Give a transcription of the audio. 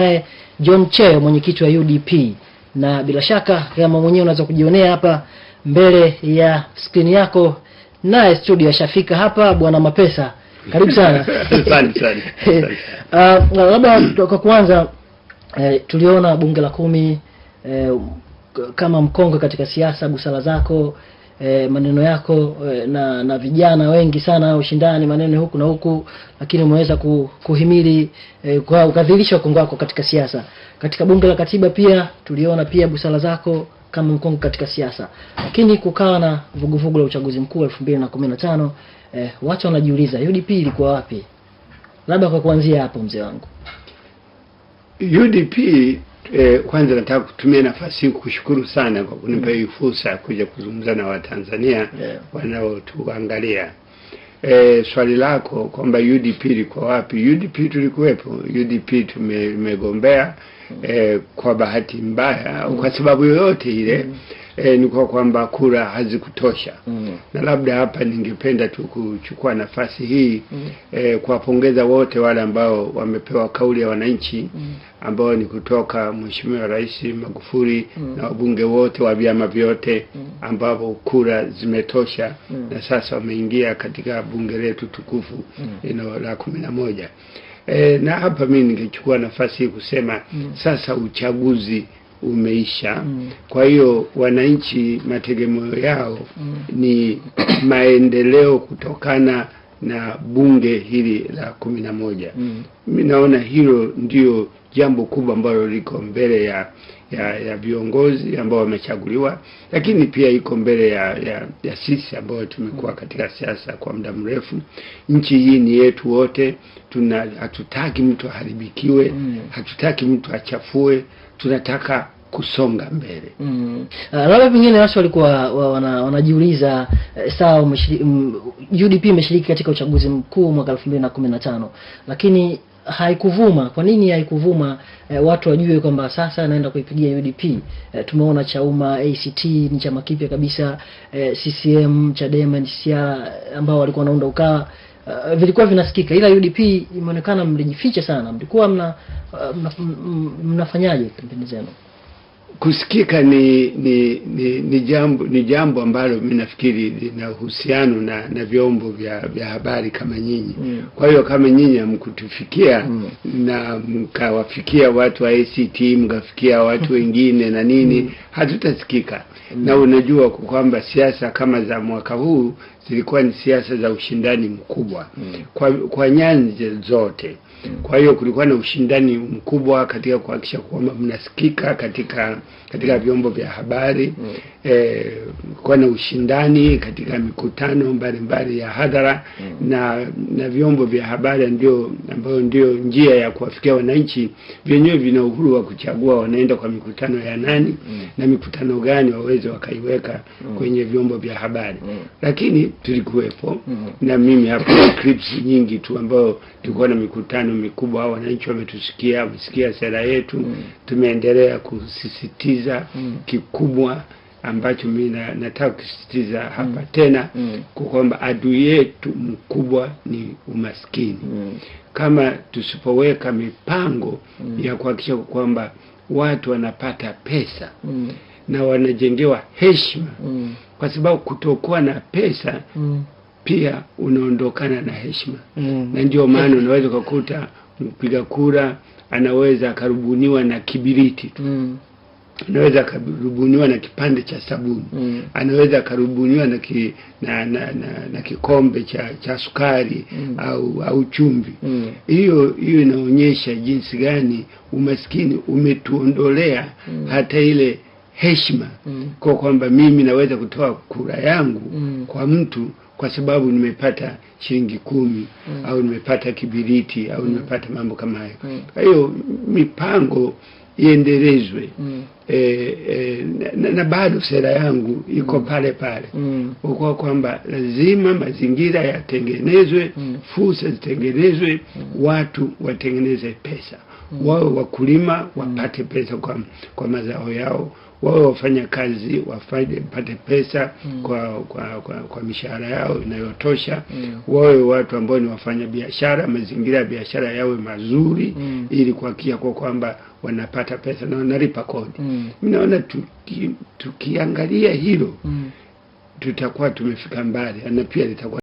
naye eh, John Cheo, mwenyekiti wa UDP, na bila shaka kama mwenyewe unaweza kujionea hapa mbele ya skrini yako, naye studio ashafika hapa, bwana Mapesa, karibu sana. Asante sana. Uh, labda kwa kwanza eh, tuliona bunge la kumi eh, kama mkongwe katika siasa, busara zako e, maneno yako e, na na vijana wengi sana ushindani maneno huku na huku, lakini umeweza kuhimili e, kwa ukadhirisha ukongo wako katika siasa. Katika bunge la katiba pia tuliona pia busara zako kama mkongo katika siasa, lakini kukawa na vuguvugu la uchaguzi mkuu 2015 e, watu wanajiuliza UDP ilikuwa wapi? Labda kwa kuanzia hapo, mzee wangu. UDP eh, kwanza nataka kutumia nafasi hii kushukuru sana kwa kunipa hii fursa ya kuja kuzungumza na Watanzania yeah. wanaotuangalia. E, swali lako kwamba UDP ilikuwa wapi? UDP tulikuwepo, UDP tumegombea. E, kwa bahati mbaya mm. kwa sababu yoyote ile mm e, eh, ni kwa kwamba kura hazikutosha mm. na labda hapa ningependa tu kuchukua nafasi hii mm. e, kuwapongeza wote wale ambao wamepewa kauli ya wananchi mm. ambao ni kutoka Mheshimiwa Rais Magufuli mm. na wabunge wote wa vyama vyote mm. ambapo kura zimetosha mm. na sasa wameingia katika bunge letu tukufu mm. ino la kumi na moja. E, na hapa mimi ningechukua nafasi hii kusema mm. sasa uchaguzi umeisha mm. Kwa hiyo wananchi mategemeo yao mm. ni maendeleo kutokana na bunge hili la kumi na moja. Mimi mm. naona hilo ndio jambo kubwa ambalo liko mbele ya ya, ya viongozi ambao wamechaguliwa, lakini pia iko mbele ya, ya, ya sisi ambayo tumekuwa katika siasa kwa muda mrefu. Nchi hii ni yetu wote, tuna hatutaki mtu aharibikiwe, mm. hatutaki mtu achafue, tunataka kusonga mbele mm. Uh, labda pengine watu walikuwa wanajiuliza eh, sawa um, mm, UDP imeshiriki katika uchaguzi mkuu mwaka 2015 lakini haikuvuma. Kwa nini haikuvuma? E, watu wajue kwamba sasa naenda kuipigia UDP. E, eh, tumeona Chauma, ACT ni chama kipya kabisa, e, CCM, Chadema, NCCR ambao walikuwa wanaunda Ukawa Uh, vilikuwa vinasikika ila UDP imeonekana mlijificha sana. Mlikuwa mna, uh, mna, mnafanyaje kampeni zenu? kusikika ni ni ni, ni jambo ni jambo ambalo mimi nafikiri lina uhusiano na, na vyombo vya, vya habari kama nyinyi mm. Kwa hiyo kama nyinyi hamkutufikia mm. na mkawafikia watu wa ACT mkafikia watu wengine na nini mm. hatutasikika mm. na unajua kwamba siasa kama za mwaka huu zilikuwa ni siasa za ushindani mkubwa mm. kwa, kwa nyanja zote kwa hiyo kulikuwa na ushindani mkubwa katika kuhakikisha kwamba mnasikika katika katika vyombo vya habari mm. eh, kumekuwa na ushindani katika mikutano mbalimbali ya hadhara mm. na na vyombo vya habari ndio ambayo ndio njia ya kuwafikia wananchi, vyenyewe vina uhuru wa kuchagua wanaenda kwa mikutano ya nani mm. na mikutano gani waweze wakaiweka mm. kwenye vyombo vya habari mm. lakini tulikuwepo mm. na mimi hapo clips nyingi tu ambayo tulikuwa na mikutano mikubwa, wananchi wametusikia, wamesikia sera yetu mm. tumeendelea kusisitiza mm. kikubwa ambacho mimi nataka kusisitiza hapa mm. tena mm. kwamba adui yetu mkubwa ni umaskini mm. kama tusipoweka mipango mm. ya kuhakikisha kwamba watu wanapata pesa mm. na wanajengewa heshima mm. kwa sababu kutokuwa na pesa mm. pia unaondokana na heshima mm. na ndio maana unaweza ukakuta mpiga kura anaweza akarubuniwa na kibiriti tu mm anaweza akarubuniwa na kipande cha sabuni mm. anaweza akarubuniwa na, ki, na, na, na, na kikombe cha, cha sukari mm. au au chumvi mm. hiyo mm. hiyo inaonyesha jinsi gani umaskini umetuondolea mm. hata ile heshima mm. kwa kwamba mimi naweza kutoa kura yangu mm. kwa mtu kwa sababu nimepata shilingi kumi mm. au nimepata kibiriti au mm. nimepata mambo kama hayo. Mm. Kwa hiyo mipango iendelezwe mm. E, e, na, na bado sera yangu iko mm. pale pale mm. ukuwa kwamba lazima mazingira yatengenezwe mm. fursa zitengenezwe mm. watu watengeneze pesa mm. wawe wakulima mm. wapate pesa kwa, kwa mazao yao wawe wafanya kazi wapate pesa mm. kwa, kwa, kwa, kwa mishahara yao inayotosha mm. wawe watu ambao ni wafanya biashara, mazingira ya biashara yawe mazuri mm. ili kuhakikisha kwa kwamba wanapata pesa na wanalipa kodi mm. mimi naona tuki, tukiangalia hilo mm. tutakuwa tumefika mbali na pia litakuwa